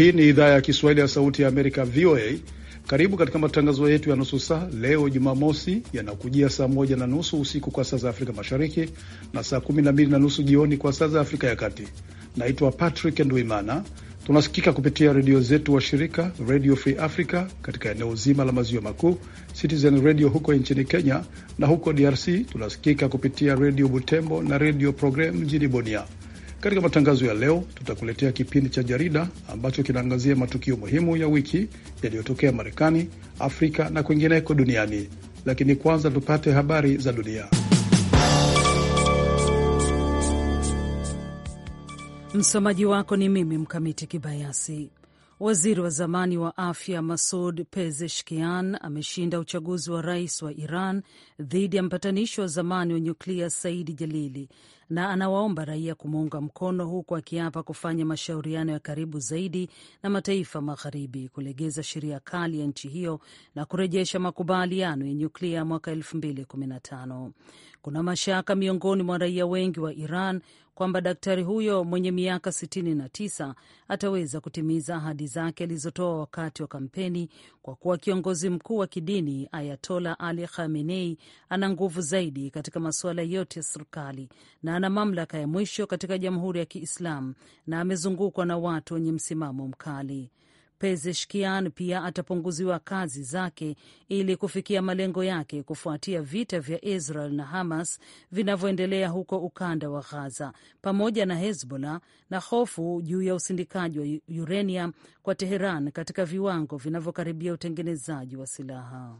Hii ni idhaa ya Kiswahili ya Sauti ya Amerika, VOA. Karibu katika matangazo yetu ya nusu saa leo Jumamosi, yanakujia saa moja na nusu usiku kwa saa za Afrika Mashariki na saa kumi na mbili na nusu jioni kwa saa za Afrika ya Kati. Naitwa Patrick Ndwimana. Tunasikika kupitia redio zetu wa shirika Radio Free Africa katika eneo zima la maziwa makuu, Citizen Radio huko nchini Kenya, na huko DRC tunasikika kupitia redio Butembo na redio Program mjini bonia katika matangazo ya leo, tutakuletea kipindi cha jarida ambacho kinaangazia matukio muhimu ya wiki yaliyotokea Marekani, Afrika na kwingineko duniani. Lakini kwanza tupate habari za dunia. Msomaji wako ni mimi Mkamiti Kibayasi. Waziri wa zamani wa afya Masud Pezeshkian ameshinda uchaguzi wa rais wa Iran dhidi ya mpatanishi wa zamani wa nyuklia Saidi Jalili na anawaomba raia kumuunga mkono huku akiapa kufanya mashauriano ya karibu zaidi na mataifa magharibi kulegeza sheria kali ya nchi hiyo na kurejesha makubaliano ya nyuklia ya mwaka 2015. Kuna mashaka miongoni mwa raia wengi wa Iran kwamba daktari huyo mwenye miaka 69 ataweza kutimiza ahadi zake alizotoa wakati wa kampeni, kwa kuwa kiongozi mkuu wa kidini Ayatola Ali Khamenei ana nguvu zaidi katika masuala yote ya serikali na ana mamlaka ya mwisho katika Jamhuri ya Kiislamu na amezungukwa na watu wenye msimamo mkali. Pezeshkian pia atapunguziwa kazi zake ili kufikia malengo yake kufuatia vita vya Israel na Hamas vinavyoendelea huko ukanda wa Ghaza pamoja na Hezbollah na hofu juu ya usindikaji wa uranium kwa Teheran katika viwango vinavyokaribia utengenezaji wa silaha.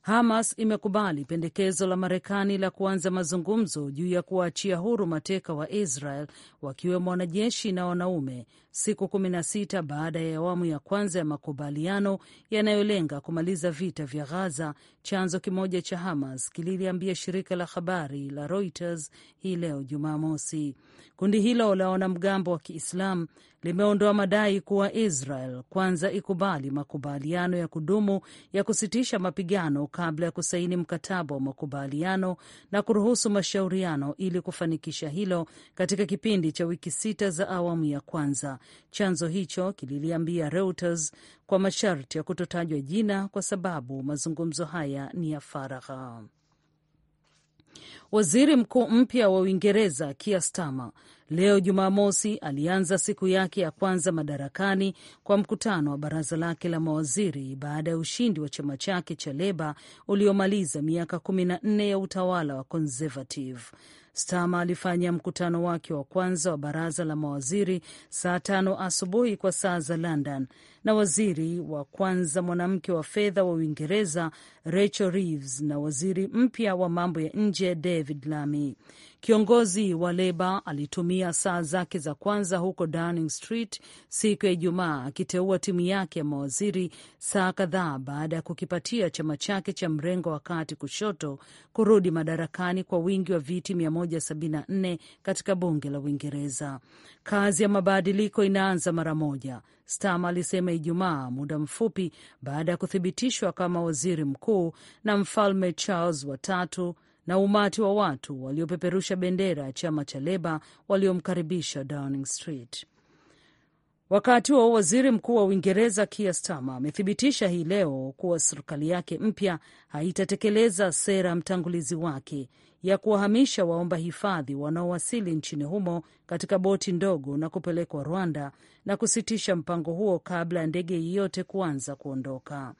Hamas imekubali pendekezo la Marekani la kuanza mazungumzo juu ya kuwaachia huru mateka wa Israel wakiwemo wanajeshi na wanaume siku 16 baada ya awamu ya kwanza ya makubaliano yanayolenga kumaliza vita vya ghaza Chanzo kimoja cha Hamas kililiambia shirika la habari la Reuters hii leo Jumamosi. Kundi hilo la wanamgambo wa Kiislamu limeondoa madai kuwa Israel kwanza ikubali makubaliano ya kudumu ya kusitisha mapigano kabla ya kusaini mkataba wa makubaliano na kuruhusu mashauriano ili kufanikisha hilo katika kipindi cha wiki sita za awamu ya kwanza Chanzo hicho kililiambia Reuters kwa masharti ya kutotajwa jina, kwa sababu mazungumzo haya ni ya faragha. Waziri mkuu mpya wa Uingereza Keir Starmer leo Jumamosi alianza siku yake ya kwanza madarakani kwa mkutano wa baraza lake la mawaziri baada ya ushindi wa chama chake cha Leba uliomaliza miaka kumi na nne ya utawala wa Conservative. Stama alifanya mkutano wake wa kwanza wa baraza la mawaziri saa tano asubuhi kwa saa za London na waziri wa kwanza mwanamke wa fedha wa Uingereza Rachel Reeves na waziri mpya wa mambo ya nje David Lammy. Kiongozi wa Leba alitumia saa zake za kwanza huko Downing Street siku ya Ijumaa akiteua timu yake ya mawaziri saa kadhaa baada ya kukipatia chama chake cha mrengo wa kati kushoto kurudi madarakani kwa wingi wa viti 174 katika bunge la Uingereza. Kazi ya mabadiliko inaanza mara moja, stam alisema Ijumaa, muda mfupi baada ya kuthibitishwa kama waziri mkuu na Mfalme Charles watatu na umati wa watu waliopeperusha bendera ya chama cha Leba waliomkaribisha Downing Street. Wakati huo waziri mkuu wa Uingereza Keir Starmer amethibitisha hii leo kuwa serikali yake mpya haitatekeleza sera mtangulizi wake ya kuwahamisha waomba hifadhi wanaowasili nchini humo katika boti ndogo na kupelekwa Rwanda na kusitisha mpango huo kabla ya ndege yeyote kuanza kuondoka.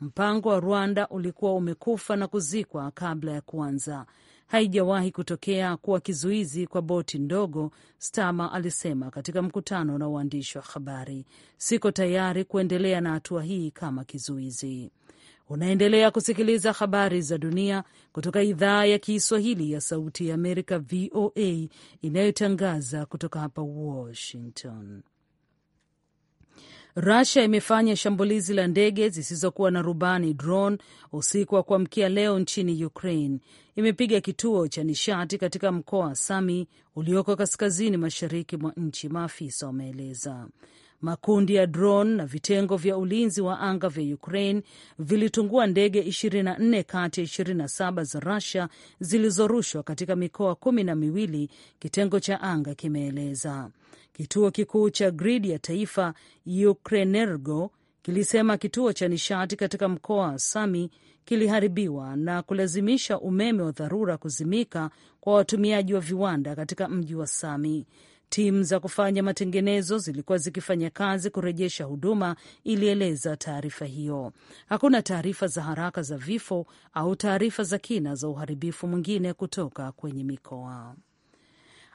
Mpango wa Rwanda ulikuwa umekufa na kuzikwa kabla ya kuanza haijawahi kutokea kuwa kizuizi kwa boti ndogo, Stama alisema katika mkutano na uandishi wa habari. Siko tayari kuendelea na hatua hii kama kizuizi. Unaendelea kusikiliza habari za dunia kutoka idhaa ya Kiswahili ya Sauti ya Amerika, VOA, inayotangaza kutoka hapa Washington rasia imefanya shambulizi la ndege zisizokuwa na rubani drone usiku wa kuamkia leo nchini Ukraine. Imepiga kituo cha nishati katika mkoa wa Sami ulioko kaskazini mashariki mwa nchi, maafisa wameeleza. Makundi ya drone na vitengo vya ulinzi wa anga vya Ukraine vilitungua ndege 24 kati ya 27 za Russia zilizorushwa katika mikoa kumi na miwili, kitengo cha anga kimeeleza. Kituo kikuu cha gridi ya taifa Ukrenergo kilisema kituo cha nishati katika mkoa wa Sami kiliharibiwa na kulazimisha umeme wa dharura kuzimika kwa watumiaji wa viwanda katika mji wa Sami. Timu za kufanya matengenezo zilikuwa zikifanya kazi kurejesha huduma, ilieleza taarifa hiyo. Hakuna taarifa za haraka za vifo au taarifa za kina za uharibifu mwingine kutoka kwenye mikoa.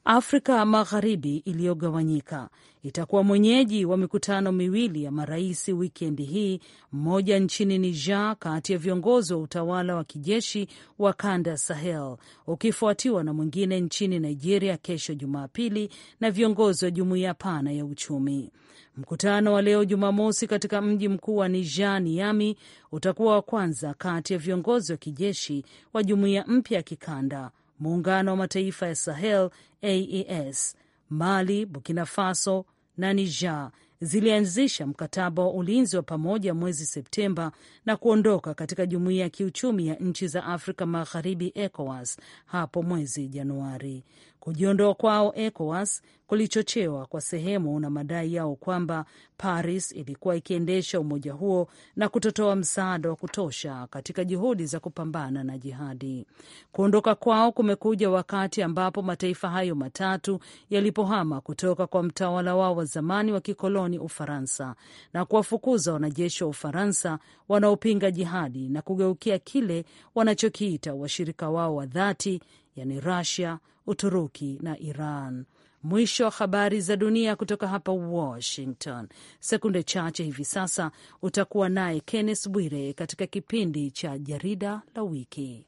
Afrika Magharibi iliyogawanyika itakuwa mwenyeji wa mikutano miwili ya marais wikendi hii, mmoja nchini Niger kati ya viongozi wa utawala wa kijeshi wa kanda Sahel, ukifuatiwa na mwingine nchini Nigeria kesho Jumapili na viongozi wa jumuiya pana ya uchumi. Mkutano wa leo Jumamosi katika mji mkuu wa Niger, Niami, utakuwa wa kwanza kati ya viongozi wa kijeshi wa jumuiya mpya ya kikanda muungano wa mataifa ya Sahel AES, Mali, Burkina Faso na Niger zilianzisha mkataba wa ulinzi wa pamoja mwezi Septemba na kuondoka katika jumuiya ya kiuchumi ya nchi za Afrika Magharibi ECOWAS hapo mwezi Januari. Kujiondoa kwao ECOWAS kulichochewa kwa sehemu na madai yao kwamba Paris ilikuwa ikiendesha umoja huo na kutotoa msaada wa kutosha katika juhudi za kupambana na jihadi. Kuondoka kwao kumekuja wakati ambapo mataifa hayo matatu yalipohama kutoka kwa mtawala wao wa zamani wa kikoloni Ufaransa na kuwafukuza wanajeshi wa Ufaransa wanaopinga jihadi na kugeukia kile wanachokiita washirika wao wa dhati yani Rusia, Uturuki na Iran. Mwisho wa habari za dunia kutoka hapa Washington. Sekunde chache hivi sasa utakuwa naye Kenneth Bwire katika kipindi cha jarida la wiki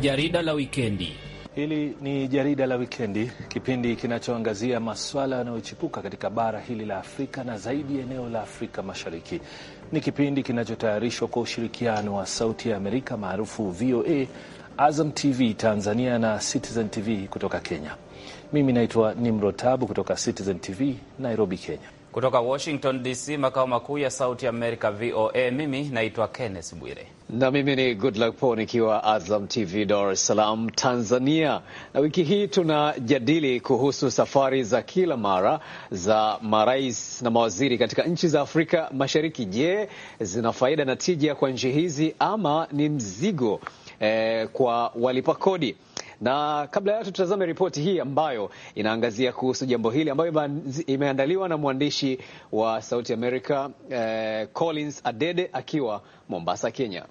jarida la wikendi. Hili ni jarida la wikendi, kipindi kinachoangazia maswala yanayochipuka katika bara hili la Afrika na zaidi eneo la Afrika Mashariki. Ni kipindi kinachotayarishwa kwa ushirikiano wa Sauti ya Amerika maarufu VOA, Azam TV Tanzania na Citizen TV kutoka Kenya. Mimi naitwa nimrotabu Tabu kutoka Citizen TV Nairobi, Kenya. Kutoka Washington DC, makao makuu ya Sauti ya Amerika, VOA. Mimi naitwa Kenneth Bwire na mimi ni Goodluck Po nikiwa Azam TV Dar es Salaam, Tanzania. Na wiki hii tunajadili kuhusu safari za kila mara za marais na mawaziri katika nchi za Afrika Mashariki. Je, zina faida na tija kwa nchi hizi ama ni mzigo eh, kwa walipa kodi. Na kabla ya yote, tutazame ripoti hii ambayo inaangazia kuhusu jambo hili ambayo imeandaliwa na mwandishi wa Sauti Amerika eh, Collins Adede akiwa Mombasa, Kenya.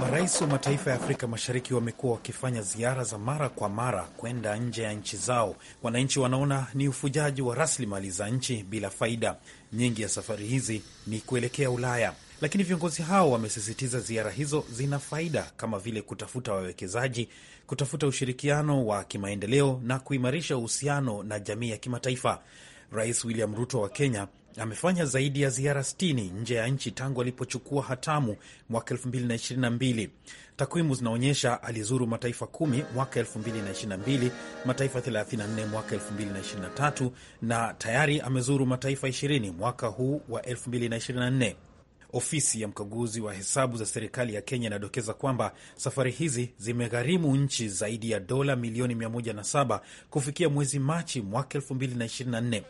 Marais wa mataifa ya Afrika Mashariki wamekuwa wakifanya ziara za mara kwa mara kwenda nje ya nchi zao. Wananchi wanaona ni ufujaji wa rasilimali za nchi bila faida. Nyingi ya safari hizi ni kuelekea Ulaya. Lakini viongozi hao wamesisitiza ziara hizo zina faida kama vile kutafuta wawekezaji, kutafuta ushirikiano wa kimaendeleo na kuimarisha uhusiano na jamii ya kimataifa. Rais William Ruto wa Kenya amefanya zaidi ya ziara 60 nje ya nchi tangu alipochukua hatamu mwaka 2022. Takwimu zinaonyesha alizuru mataifa 10 mwaka 2022, mataifa 34 mwaka 2023 na tayari amezuru mataifa 20 mwaka huu wa 2024. Ofisi ya mkaguzi wa hesabu za serikali ya Kenya inadokeza kwamba safari hizi zimegharimu nchi zaidi ya dola milioni 107 kufikia mwezi Machi mwaka 2024.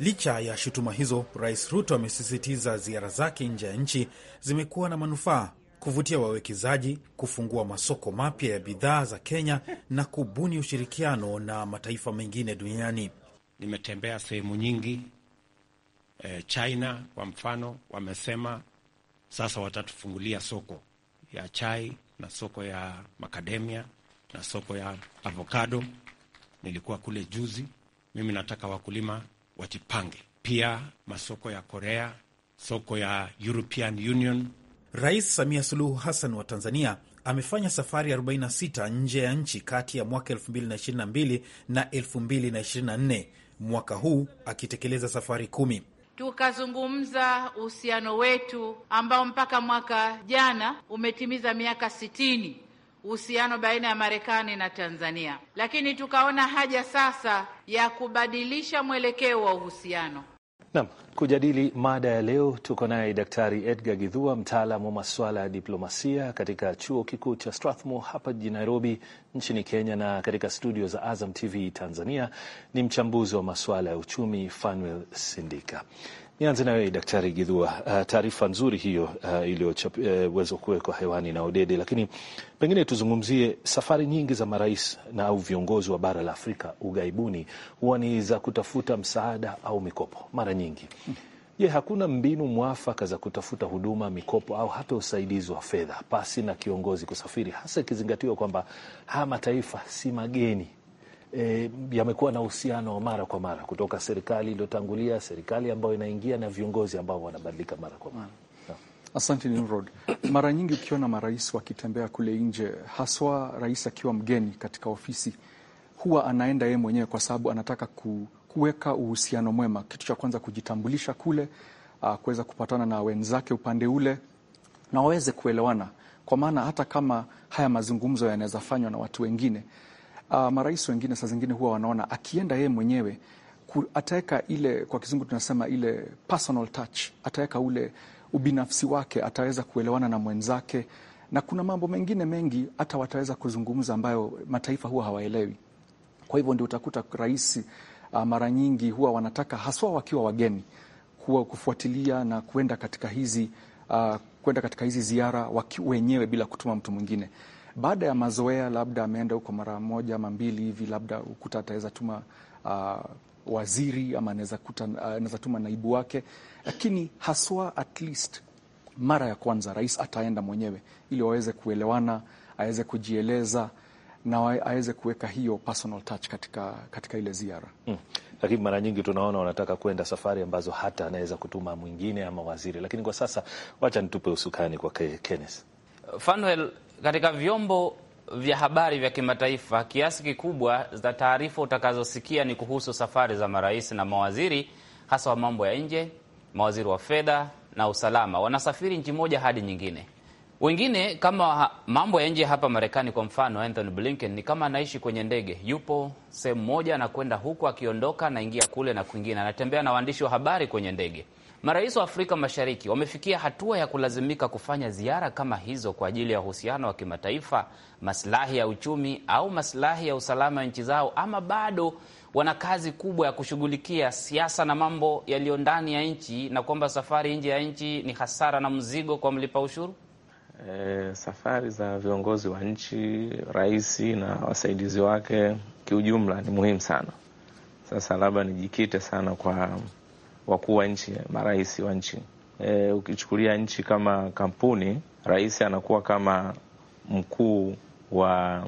Licha ya shutuma hizo, Rais Ruto amesisitiza ziara zake nje ya nchi zimekuwa na manufaa kuvutia wawekezaji, kufungua masoko mapya ya bidhaa za Kenya na kubuni ushirikiano na mataifa mengine duniani. Nimetembea sehemu nyingi Eh, China kwa mfano wamesema sasa watatufungulia soko ya chai na soko ya makademia na soko ya avocado. Nilikuwa kule juzi. Mimi nataka wakulima wajipange pia, masoko ya Korea, soko ya European Union. Rais Samia Suluhu Hassan wa Tanzania amefanya safari 46 nje ya nchi kati ya mwaka 2022 na 2024, mwaka huu akitekeleza safari kumi tukazungumza uhusiano wetu ambao mpaka mwaka jana umetimiza miaka sitini, uhusiano baina ya Marekani na Tanzania, lakini tukaona haja sasa ya kubadilisha mwelekeo wa uhusiano Naam, kujadili mada ya leo tuko naye Daktari Edgar Githua, mtaalam wa masuala ya diplomasia katika chuo kikuu cha Strathmore hapa jijini Nairobi nchini Kenya, na katika studio za Azam TV Tanzania ni mchambuzi wa masuala ya uchumi Fanuel Sindika. Nianze na wewe Daktari Gidhua. Uh, taarifa nzuri hiyo uh, iliyoweza uh, kuwekwa hewani na Odede, lakini pengine tuzungumzie safari nyingi za marais na au viongozi wa bara la Afrika ughaibuni huwa ni za kutafuta msaada au mikopo mara nyingi. Hmm. Je, hakuna mbinu mwafaka za kutafuta huduma, mikopo au hata usaidizi wa fedha pasi na kiongozi kusafiri, hasa ikizingatiwa kwamba haya mataifa si mageni e, yamekuwa na uhusiano wa mara kwa mara kutoka serikali iliyotangulia, serikali ambayo inaingia na viongozi ambao wanabadilika mara kwa mara. Asante Nimrod. Mara nyingi ukiona marais wakitembea kule nje, haswa rais akiwa mgeni katika ofisi, huwa anaenda yeye mwenyewe kwa sababu anataka ku, kuweka uhusiano mwema. Kitu cha kwanza kujitambulisha kule, ah, kuweza kupatana na wenzake upande ule na waweze kuelewana, kwa maana hata kama haya mazungumzo yanaweza fanywa na watu wengine, uh, marais wengine saa zingine huwa wanaona akienda yeye mwenyewe ataweka ile, kwa kizungu tunasema ile personal touch, ataweka ule ubinafsi wake, ataweza kuelewana na mwenzake, na kuna mambo mengine mengi hata wataweza kuzungumza ambayo mataifa huwa hawaelewi. Kwa hivyo ndio utakuta rais uh, mara nyingi huwa wanataka haswa wakiwa wageni huwa kufuatilia na kuenda katika hizi uh, kwenda katika hizi ziara wenyewe bila kutuma mtu mwingine baada ya mazoea, labda ameenda huko mara moja ama mbili hivi, labda ukuta ataweza tuma uh, waziri ama ah, anaweza tuma naibu wake, lakini haswa at least mara ya kwanza rais ataenda mwenyewe ili waweze kuelewana, aweze kujieleza na aweze kuweka hiyo personal touch katika, katika ile ziara mm. Lakini mara nyingi tunaona wanataka kwenda safari ambazo hata anaweza kutuma mwingine ama waziri, lakini kwa sasa wacha nitupe usukani kwa Kenneth Fanuel katika vyombo vya habari vya kimataifa, kiasi kikubwa za taarifa utakazosikia ni kuhusu safari za marais na mawaziri, hasa wa mambo ya nje, mawaziri wa fedha na usalama. Wanasafiri nchi moja hadi nyingine. Wengine kama mambo ya nje hapa Marekani, kwa mfano Anthony Blinken ni kama anaishi kwenye ndege, yupo sehemu moja anakwenda huku, akiondoka anaingia kule na kwingine, anatembea na waandishi wa habari kwenye ndege. Marais wa Afrika Mashariki wamefikia hatua ya kulazimika kufanya ziara kama hizo kwa ajili ya uhusiano wa kimataifa, maslahi ya uchumi au maslahi ya usalama ya nchi zao, ama bado wana kazi kubwa ya kushughulikia siasa na mambo yaliyo ndani ya nchi, na kwamba safari nje ya nchi ni hasara na mzigo kwa mlipa ushuru? E, safari za viongozi wa nchi, rais na wasaidizi wake kiujumla ni muhimu sana. Sasa labda nijikite sana kwa wakuu wa nchi, marais wa nchi. E, ukichukulia nchi kama kampuni, rais anakuwa kama mkuu wa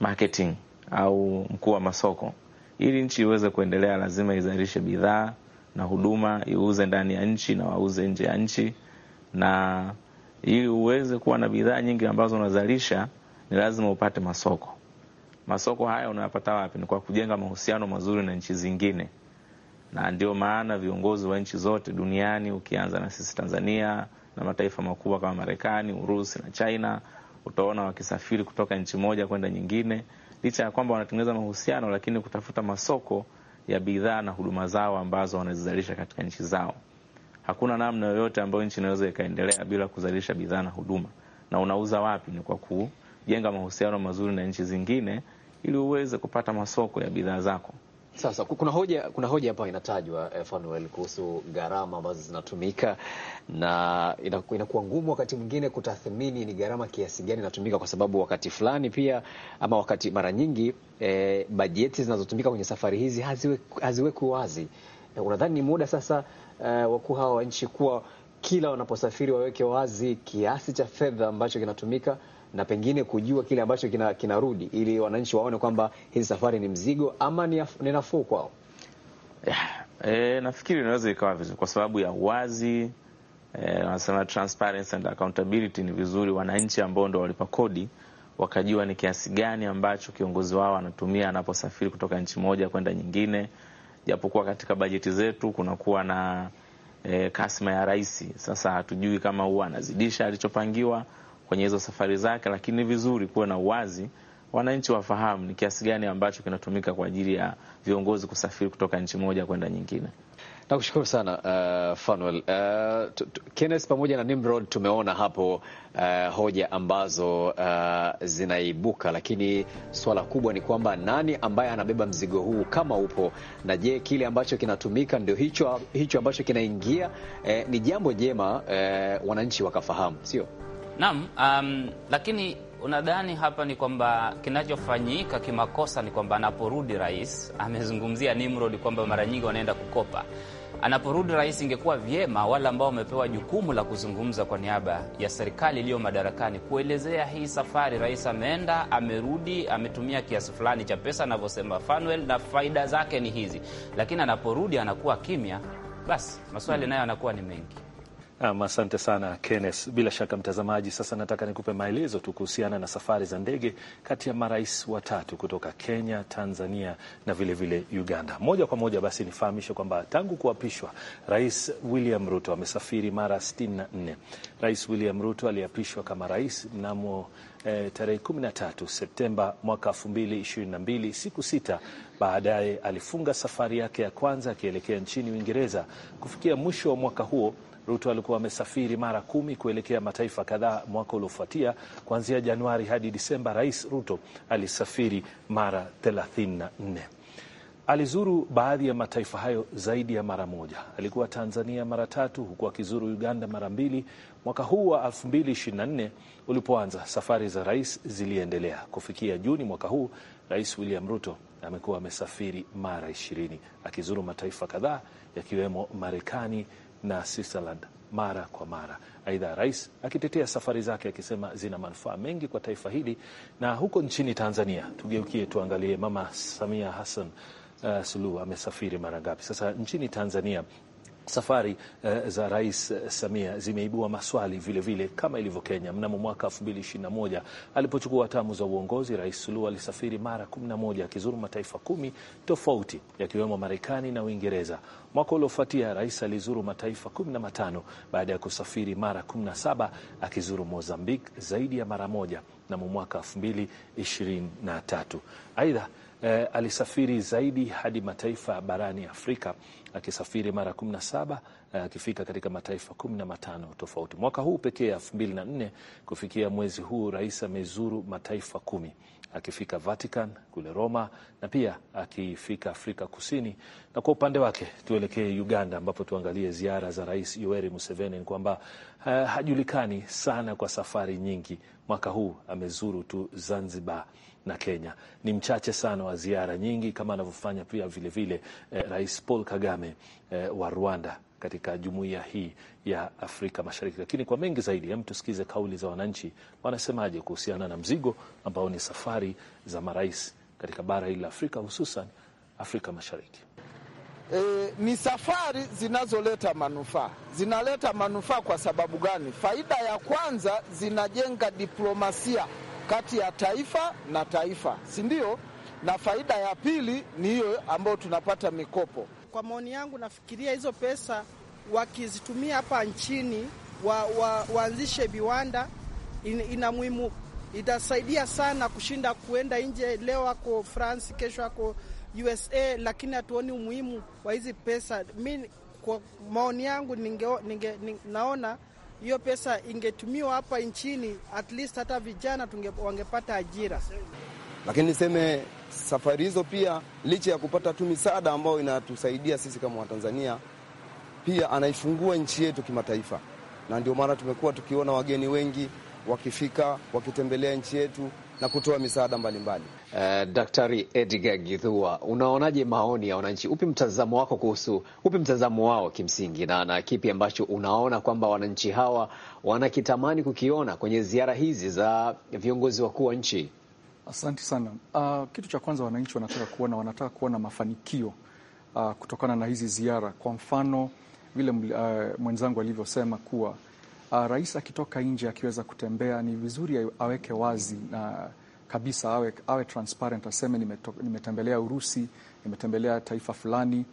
marketing au mkuu wa masoko. Ili nchi iweze kuendelea, lazima izalishe bidhaa na huduma, iuze ndani ya nchi na wauze nje ya nchi, na ili uweze kuwa na bidhaa nyingi ambazo unazalisha ni lazima upate masoko. Masoko haya unayapata wapi? Ni kwa kujenga mahusiano mazuri na nchi zingine na ndio maana viongozi wa nchi zote duniani ukianza na sisi Tanzania na mataifa makubwa kama Marekani, Urusi na China utaona wakisafiri kutoka nchi moja kwenda nyingine, licha ya kwamba wanatengeneza mahusiano, lakini kutafuta masoko ya bidhaa na huduma zao ambazo wanazizalisha katika nchi zao. Hakuna namna yoyote ambayo nchi inaweza ikaendelea bila kuzalisha bidhaa na huduma, na unauza wapi? Ni kwa kujenga mahusiano mazuri na nchi zingine, ili uweze kupata masoko ya bidhaa zako. Sasa kuna hoja kuna hoja hapa inatajwa Fanuel eh, kuhusu gharama ambazo zinatumika, na inakuwa ngumu wakati mwingine kutathmini ni gharama kiasi gani inatumika, kwa sababu wakati fulani pia ama wakati mara nyingi eh, bajeti zinazotumika kwenye safari hizi haziwekwi haziwe wazi. Eh, unadhani ni muda sasa eh, wakuu hawa wa nchi kuwa kila wanaposafiri waweke wazi kiasi cha fedha ambacho kinatumika na pengine kujua kile ambacho kinarudi kina ili wananchi waone kwamba hizi safari ni mzigo ama ni nafuu kwao. E, nafikiri inaweza ikawa vizuri kwa sababu ya wazi eh, wanasema e, transparency and accountability. Ni vizuri wananchi ambao ndo walipa kodi wakajua ni kiasi gani ambacho kiongozi wao anatumia anaposafiri kutoka nchi moja kwenda nyingine, japokuwa katika bajeti zetu kunakuwa na e, kasma ya rais. Sasa hatujui kama huwa anazidisha alichopangiwa kwenye hizo safari zake, lakini ni vizuri kuwe na uwazi, wananchi wafahamu ni kiasi gani ambacho kinatumika kwa ajili ya viongozi kusafiri kutoka nchi moja kwenda nyingine. Nakushukuru sana uh, Fanuel uh, Kenneth pamoja na Nimrod. Tumeona hapo uh, hoja ambazo uh, zinaibuka, lakini swala kubwa ni kwamba nani ambaye anabeba mzigo huu kama upo, na je, kile ambacho kinatumika ndio hicho hicho ambacho kinaingia? Eh, ni jambo jema eh, wananchi wakafahamu, sio? Naam, um, lakini unadhani hapa ni kwamba kinachofanyika kimakosa ni kwamba anaporudi rais amezungumzia Nimrod kwamba mara nyingi wanaenda kukopa. Anaporudi rais, ingekuwa vyema wale ambao wamepewa jukumu la kuzungumza kwa niaba ya serikali iliyo madarakani kuelezea hii safari rais ameenda, amerudi, ametumia kiasi fulani cha pesa anavyosema Fanuel, na faida zake ni hizi. Lakini anaporudi anakuwa kimya, basi maswali hmm. nayo anakuwa ni mengi asante sana Kenneth. Bila shaka mtazamaji, sasa nataka nikupe maelezo tu kuhusiana na safari za ndege kati ya marais watatu kutoka Kenya, Tanzania na vilevile vile Uganda. Moja kwa moja basi nifahamishe kwamba tangu kuapishwa Rais William Ruto amesafiri mara 64. Rais William Ruto aliapishwa kama rais mnamo eh, tarehe 13 Septemba mwaka 2022, siku sita baadaye alifunga safari yake ya kwanza akielekea nchini Uingereza. Kufikia mwisho wa mwaka huo Ruto alikuwa amesafiri mara kumi kuelekea mataifa kadhaa mwaka uliofuatia. Kuanzia Januari hadi Disemba, Rais Ruto alisafiri mara 34. Alizuru baadhi ya mataifa hayo zaidi ya mara moja. Alikuwa Tanzania mara tatu, huku akizuru Uganda mara mbili. Mwaka huu wa 2024 ulipoanza, safari za rais ziliendelea. Kufikia Juni mwaka huu, Rais William Ruto amekuwa amesafiri mara ishirini akizuru mataifa kadhaa yakiwemo Marekani, na Switzerland mara kwa mara. Aidha, rais akitetea safari zake akisema zina manufaa mengi kwa taifa hili. Na huko nchini Tanzania, tugeukie tuangalie Mama Samia Hassan uh, Suluhu amesafiri mara ngapi? Sasa nchini Tanzania safari uh, za Rais eh, Samia zimeibua maswali vile vile kama ilivyo Kenya. Mnamo mwaka 2021 alipochukua hatamu za uongozi, Rais Suluhu alisafiri mara 11 akizuru mataifa kumi tofauti yakiwemo Marekani na Uingereza. Mwaka uliofuatia rais alizuru mataifa 15 baada ya kusafiri mara 17 akizuru Mozambique zaidi ya mara moja mnamo mwaka 2023. Aidha, eh, alisafiri zaidi hadi mataifa barani Afrika akisafiri mara 17 eh, akifika katika mataifa 15 tofauti. Mwaka huu pekee 24 kufikia mwezi huu, rais amezuru mataifa kumi akifika Vatican kule Roma na pia akifika Afrika Kusini. Na kwa upande wake tuelekee Uganda, ambapo tuangalie ziara za Rais Yoweri Museveni. Ni kwamba eh, hajulikani sana kwa safari nyingi. Mwaka huu amezuru tu Zanzibar na Kenya. Ni mchache sana wa ziara nyingi kama anavyofanya pia vilevile eh, Rais Paul Kagame eh, wa Rwanda katika jumuiya hii ya Afrika Mashariki. Lakini kwa mengi zaidi, hem, tusikize kauli za wananchi wanasemaje kuhusiana na mzigo ambao ni safari za marais katika bara hili la Afrika, hususan Afrika Mashariki. E, ni safari zinazoleta manufaa. Zinaleta manufaa kwa sababu gani? Faida ya kwanza, zinajenga diplomasia kati ya taifa na taifa, si ndio? Na faida ya pili ni hiyo ambayo tunapata mikopo. Kwa maoni yangu, nafikiria hizo pesa wakizitumia hapa nchini wa, wa, waanzishe viwanda in, ina muhimu, itasaidia sana kushinda kuenda nje. Leo ako France, kesho ako USA, lakini hatuoni umuhimu wa hizi pesa. Mi kwa maoni yangu ninge, ninge, ninge, naona hiyo pesa ingetumiwa hapa nchini, at least hata vijana wangepata ajira. Lakini niseme safari hizo pia, licha ya kupata tu misaada ambayo inatusaidia sisi kama Watanzania, pia anaifungua nchi yetu kimataifa, na ndio maana tumekuwa tukiona wageni wengi wakifika wakitembelea nchi yetu na kutoa misaada mbalimbali mbali. Uh, Daktari Edgar Githua, unaonaje maoni ya wananchi? Upi mtazamo wako kuhusu, upi mtazamo wao kimsingi, na na kipi ambacho unaona kwamba wananchi hawa wanakitamani kukiona kwenye ziara hizi za viongozi wakuu wa nchi? Asante sana. Uh, kitu cha kwanza wananchi wanataka kuona, wanataka kuona mafanikio uh, kutokana na hizi ziara. Kwa mfano vile uh, mwenzangu alivyosema kuwa uh, rais akitoka nje akiweza kutembea, ni vizuri aweke wazi na uh, kabisa awe, awe transparent, aseme nimetembelea Urusi, nimetembelea taifa fulani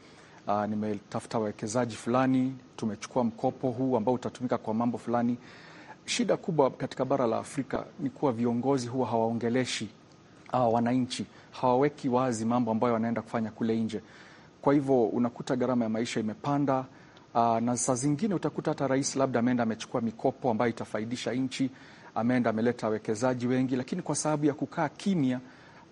uh, nimetafuta wawekezaji fulani, tumechukua mkopo huu ambao utatumika kwa mambo fulani. Shida kubwa katika bara la Afrika ni kuwa viongozi huwa hawaongeleshi hawa ah, wananchi, hawaweki wazi mambo ambayo wanaenda kufanya kule nje. Kwa hivyo unakuta gharama ya maisha imepanda. Uh, na saa zingine utakuta hata rais labda ameenda amechukua mikopo ambayo itafaidisha nchi, ameenda ameleta wawekezaji wengi, lakini kwa sababu ya kukaa kimya,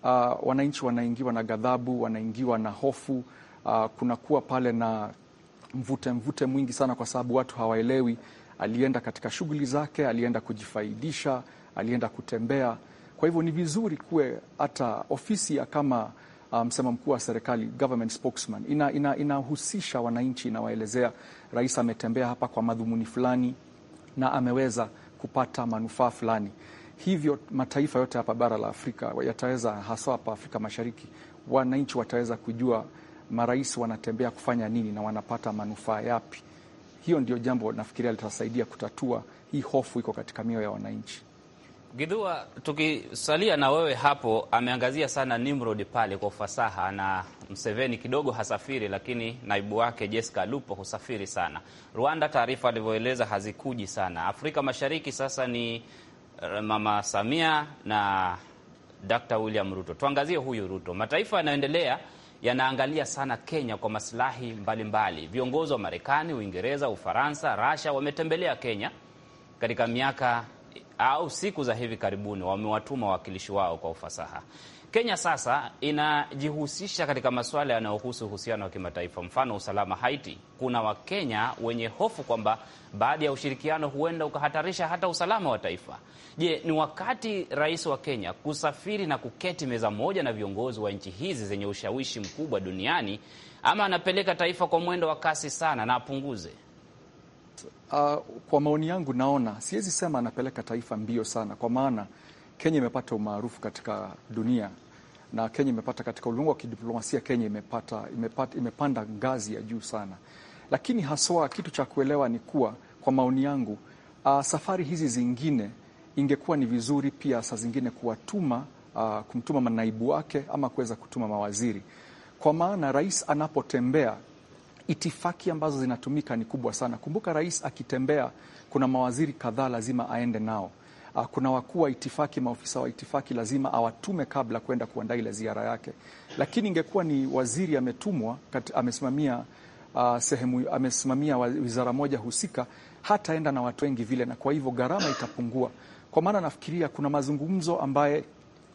uh, wananchi wanaingiwa na ghadhabu, wanaingiwa na hofu. Uh, kunakuwa pale na mvute mvute mwingi sana, kwa sababu watu hawaelewi. Alienda katika shughuli zake, alienda kujifaidisha, alienda kutembea. Kwa hivyo ni vizuri kuwe hata ofisi ya kama uh, msema um, mkuu wa serikali government spokesman inahusisha ina, ina wananchi, inawaelezea rais ametembea hapa kwa madhumuni fulani na ameweza kupata manufaa fulani. Hivyo mataifa yote hapa bara la Afrika yataweza, haswa hapa Afrika Mashariki, wananchi wataweza kujua marais wanatembea kufanya nini na wanapata manufaa yapi. Hiyo ndio jambo nafikiria litasaidia kutatua hii hofu iko katika mioyo ya wananchi. Gidhua, tukisalia na wewe hapo, ameangazia sana Nimrod pale kwa ufasaha, na Mseveni kidogo hasafiri, lakini naibu wake Jessica Lupo husafiri sana. Rwanda, taarifa alivyoeleza hazikuji sana. Afrika Mashariki sasa ni eh, Mama Samia na Dr. William Ruto. Tuangazie huyu Ruto. Mataifa yanayoendelea yanaangalia sana Kenya kwa masilahi mbalimbali. Viongozi wa Marekani, Uingereza, Ufaransa, Russia wametembelea Kenya katika miaka au siku za hivi karibuni wamewatuma wawakilishi wao kwa ufasaha. Kenya sasa inajihusisha katika masuala yanayohusu uhusiano wa kimataifa, mfano usalama Haiti. Kuna Wakenya wenye hofu kwamba baadhi ya ushirikiano huenda ukahatarisha hata usalama wa taifa. Je, ni wakati rais wa Kenya kusafiri na kuketi meza moja na viongozi wa nchi hizi zenye ushawishi mkubwa duniani, ama anapeleka taifa kwa mwendo wa kasi sana na apunguze? uh, kwa maoni yangu naona siwezi sema anapeleka taifa mbio sana, kwa maana Kenya imepata umaarufu katika dunia na Kenya imepata katika ulimwengu wa kidiplomasia, Kenya imepata, imepata, imepanda ngazi ya juu sana, lakini haswa kitu cha kuelewa ni kuwa kwa maoni yangu uh, safari hizi zingine ingekuwa ni vizuri pia saa zingine kuwatuma uh, kumtuma manaibu wake ama kuweza kutuma mawaziri, kwa maana rais anapotembea itifaki ambazo zinatumika ni kubwa sana. Kumbuka rais akitembea, kuna mawaziri kadhaa lazima aende nao ah, kuna wakuu wa itifaki, maofisa wa itifaki lazima awatume kabla kwenda kuandaa ile ziara yake. Lakini ingekuwa ni waziri ametumwa, amesimamia uh, sehemu, amesimamia wizara moja husika, hataenda na watu wengi vile, na kwa hivyo gharama itapungua. Kwa maana nafikiria kuna mazungumzo ambaye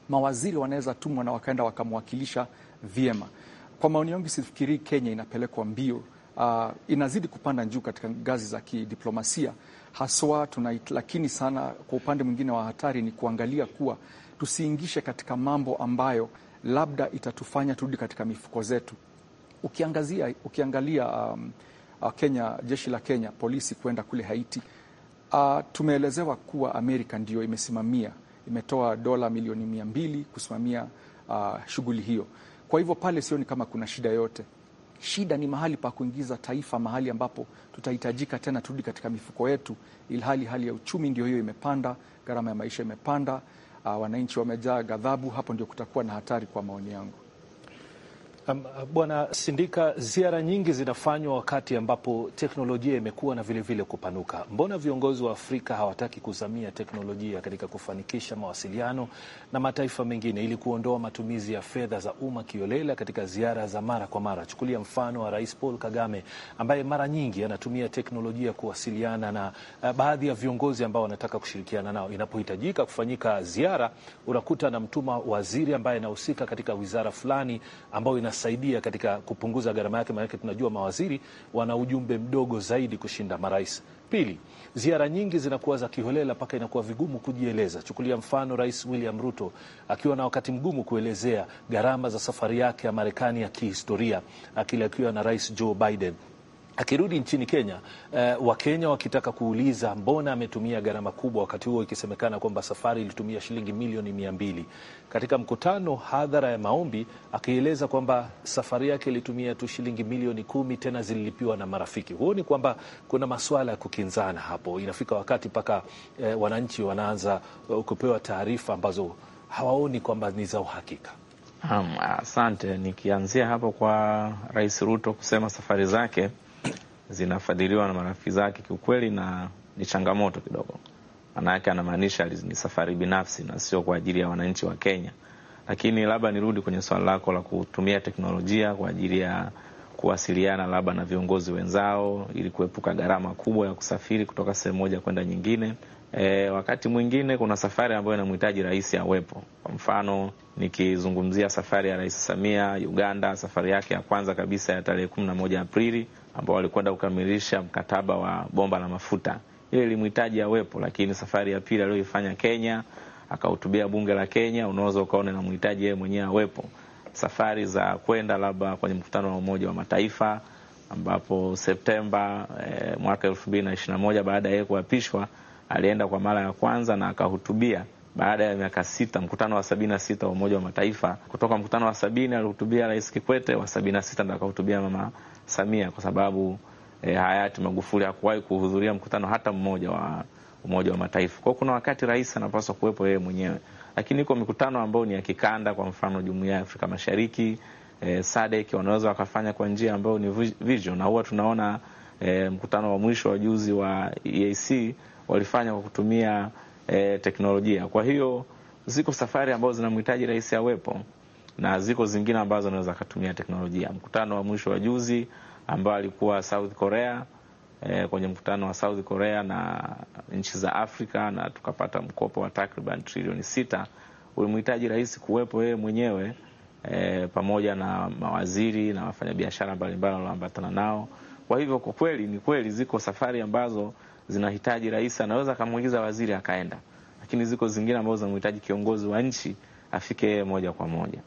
mawaziri wanaweza tumwa na wakaenda wakamwakilisha vyema. Kwa maoni yangu sifikirii Kenya inapelekwa mbio. Uh, inazidi kupanda juu katika ngazi za kidiplomasia haswa tuna, lakini sana kwa upande mwingine wa hatari ni kuangalia kuwa tusiingishe katika mambo ambayo labda itatufanya turudi katika mifuko zetu. Ukiangazia, ukiangalia um, ah, Kenya, jeshi la Kenya polisi kwenda kule Haiti, uh, tumeelezewa kuwa Amerika ndiyo imesimamia, imetoa dola milioni mia mbili kusimamia uh, shughuli hiyo. Kwa hivyo pale sioni kama kuna shida yoyote. Shida ni mahali pa kuingiza taifa mahali ambapo tutahitajika tena turudi katika mifuko yetu, ilhali hali ya uchumi ndio hiyo imepanda, gharama ya maisha imepanda, uh, wananchi wamejaa ghadhabu. Hapo ndio kutakuwa na hatari kwa maoni yangu. Um, Bwana Sindika, ziara nyingi zinafanywa wakati ambapo teknolojia imekuwa na vilevile vile kupanuka. Mbona viongozi wa Afrika hawataki kuzamia teknolojia katika kufanikisha mawasiliano na mataifa mengine ili kuondoa matumizi ya fedha za umma kiolela katika ziara za mara kwa mara? Chukulia mfano wa Rais Paul Kagame ambaye mara nyingi anatumia teknolojia kuwasiliana na uh, baadhi ya viongozi ambao wanataka kushirikiana nao. Inapohitajika kufanyika ziara, unakuta anamtuma waziri ambaye anahusika katika wizara fulani ambayo ina inasaidia katika kupunguza gharama yake, maanake tunajua mawaziri wana ujumbe mdogo zaidi kushinda marais. Pili, ziara nyingi zinakuwa za kiholela mpaka inakuwa vigumu kujieleza. Chukulia mfano Rais William Ruto akiwa na wakati mgumu kuelezea gharama za safari yake ya Marekani ya kihistoria, akili akiwa na Rais Joe Biden Akirudi nchini Kenya uh, Wakenya wakitaka kuuliza mbona ametumia gharama kubwa, wakati huo ikisemekana kwamba safari ilitumia shilingi milioni mia mbili katika mkutano hadhara ya maombi, akieleza kwamba safari yake ilitumia tu shilingi milioni kumi, tena zililipiwa na marafiki. Huoni kwamba kuna masuala ya kukinzana hapo? Inafika wakati mpaka uh, eh, wananchi wanaanza eh, kupewa taarifa ambazo hawaoni kwamba ni za uhakika. Asante. Nikianzia hapo kwa Rais Ruto kusema safari zake zinafadhiliwa na marafiki zake, kiukweli na ni changamoto kidogo. Maanake anamaanisha ni safari binafsi na sio kwa ajili ya wananchi wa Kenya. Lakini labda nirudi kwenye swala lako la kutumia teknolojia kwa ajili ya kuwasiliana labda na viongozi wenzao ili kuepuka gharama kubwa ya kusafiri kutoka sehemu moja kwenda nyingine. E, wakati mwingine kuna safari ambayo inamhitaji rais awepo. Kwa mfano nikizungumzia safari ya Rais Samia Uganda, safari yake ya kwanza kabisa ya tarehe kumi na moja Aprili ambao walikwenda kukamilisha mkataba wa bomba la mafuta. Ile ilimhitaji awepo, lakini safari ya pili aliyoifanya Kenya, akahutubia bunge la Kenya, unaweza ukaona namhitaji yeye mwenyewe awepo. Safari za kwenda labda kwenye mkutano wa Umoja wa Mataifa ambapo Septemba e, mwaka elfu mbili na ishirini na moja baada ya yeye kuapishwa alienda kwa mara ya kwanza na akahutubia baada ya miaka sita, mkutano wa sabini na sita wa Umoja wa Mataifa. Kutoka mkutano wa sabini alihutubia Rais Kikwete, wa sabini na sita ndo akahutubia Mama Samia, kwa sababu e, hayati Magufuli hakuwahi kuhudhuria mkutano hata mmoja wa Umoja wa Mataifa. Kwao kuna wakati rais anapaswa kuwepo yeye mwenyewe, lakini iko mikutano ambayo ni ya kikanda, kwa mfano Jumuiya ya Afrika Mashariki e, SADC wanaweza wakafanya kwa njia ambayo ni vision, na huwa tunaona e, mkutano wa mwisho wa juzi wa EAC walifanya kwa kutumia e, teknolojia. Kwa hiyo ziko safari ambazo zinamhitaji rais awepo na ziko zingine ambazo anaweza akatumia teknolojia. Mkutano wa mwisho wa juzi ambao alikuwa South Korea e, kwenye mkutano wa South Korea na nchi za Afrika na tukapata mkopo wa takriban trilioni sita ulimhitaji rais kuwepo yeye mwenyewe e, pamoja na mawaziri na wafanyabiashara mbalimbali waloambatana nao. Kwa hivyo kwa kweli, ni kweli ziko safari ambazo zinahitaji rais, anaweza akamuingiza waziri akaenda, lakini ziko zingine ambazo zinamhitaji kiongozi wa nchi afike yeye moja kwa moja.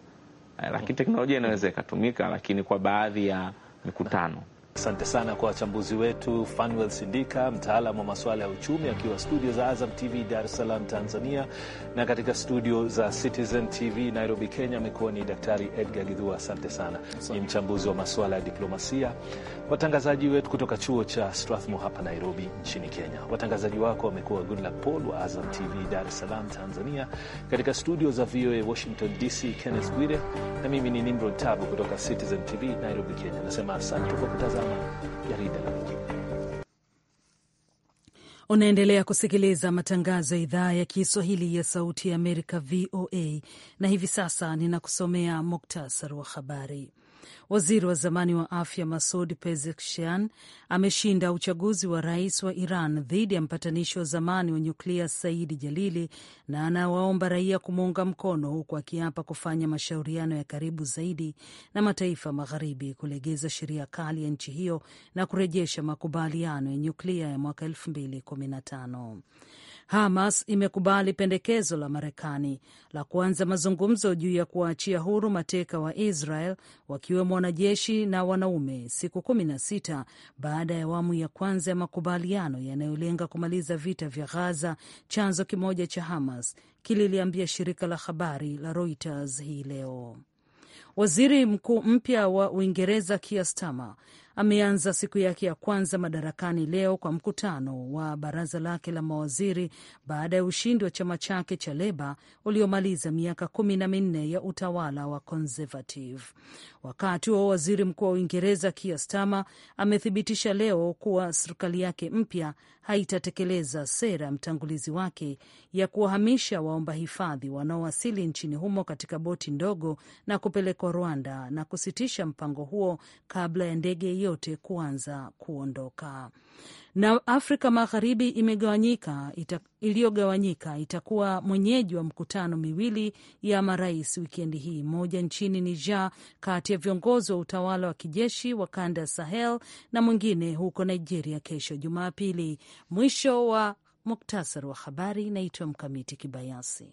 Eh, lakini teknolojia inaweza ikatumika, lakini kwa baadhi ya mikutano. Asante sana kwa wachambuzi wetu, Fanuel Sindika, mtaalamu wa masuala ya uchumi, akiwa studio za Azam TV Dar es Salaam, Tanzania, na katika studio za Citizen TV Nairobi, Kenya, amekuwa ni Daktari Edgar Gidhua. Asante sana, ni mchambuzi wa masuala ya diplomasia. Watangazaji wetu kutoka chuo cha Strathmore hapa Nairobi nchini Kenya. Watangazaji wako wamekuwa Goodluck Paul wa Azam TV Dar es Salaam Tanzania, katika studio za VOA Washington DC Kenneth Bwire, na mimi ni Nimrod Tabu kutoka Citizen TV Nairobi Kenya. Nasema asante kwa kutazama jarida la wiki. Unaendelea kusikiliza matangazo ya idhaa ya Kiswahili ya Sauti ya Amerika, VOA, na hivi sasa ninakusomea muktasari wa habari. Waziri wa zamani wa afya Masud Pezeshkian ameshinda uchaguzi wa rais wa Iran dhidi ya mpatanishi wa zamani wa nyuklia Saidi Jalili na anawaomba raia kumuunga mkono, huku akiapa kufanya mashauriano ya karibu zaidi na mataifa magharibi kulegeza sheria kali ya nchi hiyo na kurejesha makubaliano ya nyuklia ya mwaka 2015. Hamas imekubali pendekezo la Marekani la kuanza mazungumzo juu ya kuwaachia huru mateka wa Israel wakiwemo wanajeshi na wanaume siku kumi na sita baada ya awamu ya kwanza ya makubaliano yanayolenga kumaliza vita vya Ghaza. Chanzo kimoja cha Hamas kililiambia shirika la habari la Reuters hii leo. Waziri Mkuu mpya wa Uingereza Keir Starmer ameanza siku yake ya kwanza madarakani leo kwa mkutano wa baraza lake la mawaziri baada ya ushindi wa chama chake cha Leba uliomaliza miaka kumi na minne ya utawala wa Conservative. Wakati wa waziri mkuu wa Uingereza Keir Starmer amethibitisha leo kuwa serikali yake mpya haitatekeleza sera ya mtangulizi wake ya kuwahamisha waomba hifadhi wanaowasili nchini humo katika boti ndogo na kupelekwa Rwanda na kusitisha mpango huo kabla ya ndege yote kuanza kuondoka. Na Afrika Magharibi imegawanyika ita, iliyogawanyika itakuwa mwenyeji wa mkutano miwili ya marais wikendi hii, moja nchini Niger kati ya viongozi wa utawala wa kijeshi wa kanda ya Sahel na mwingine huko Nigeria kesho Jumapili. Mwisho wa muktasari wa habari. Naitwa Mkamiti Kibayasi.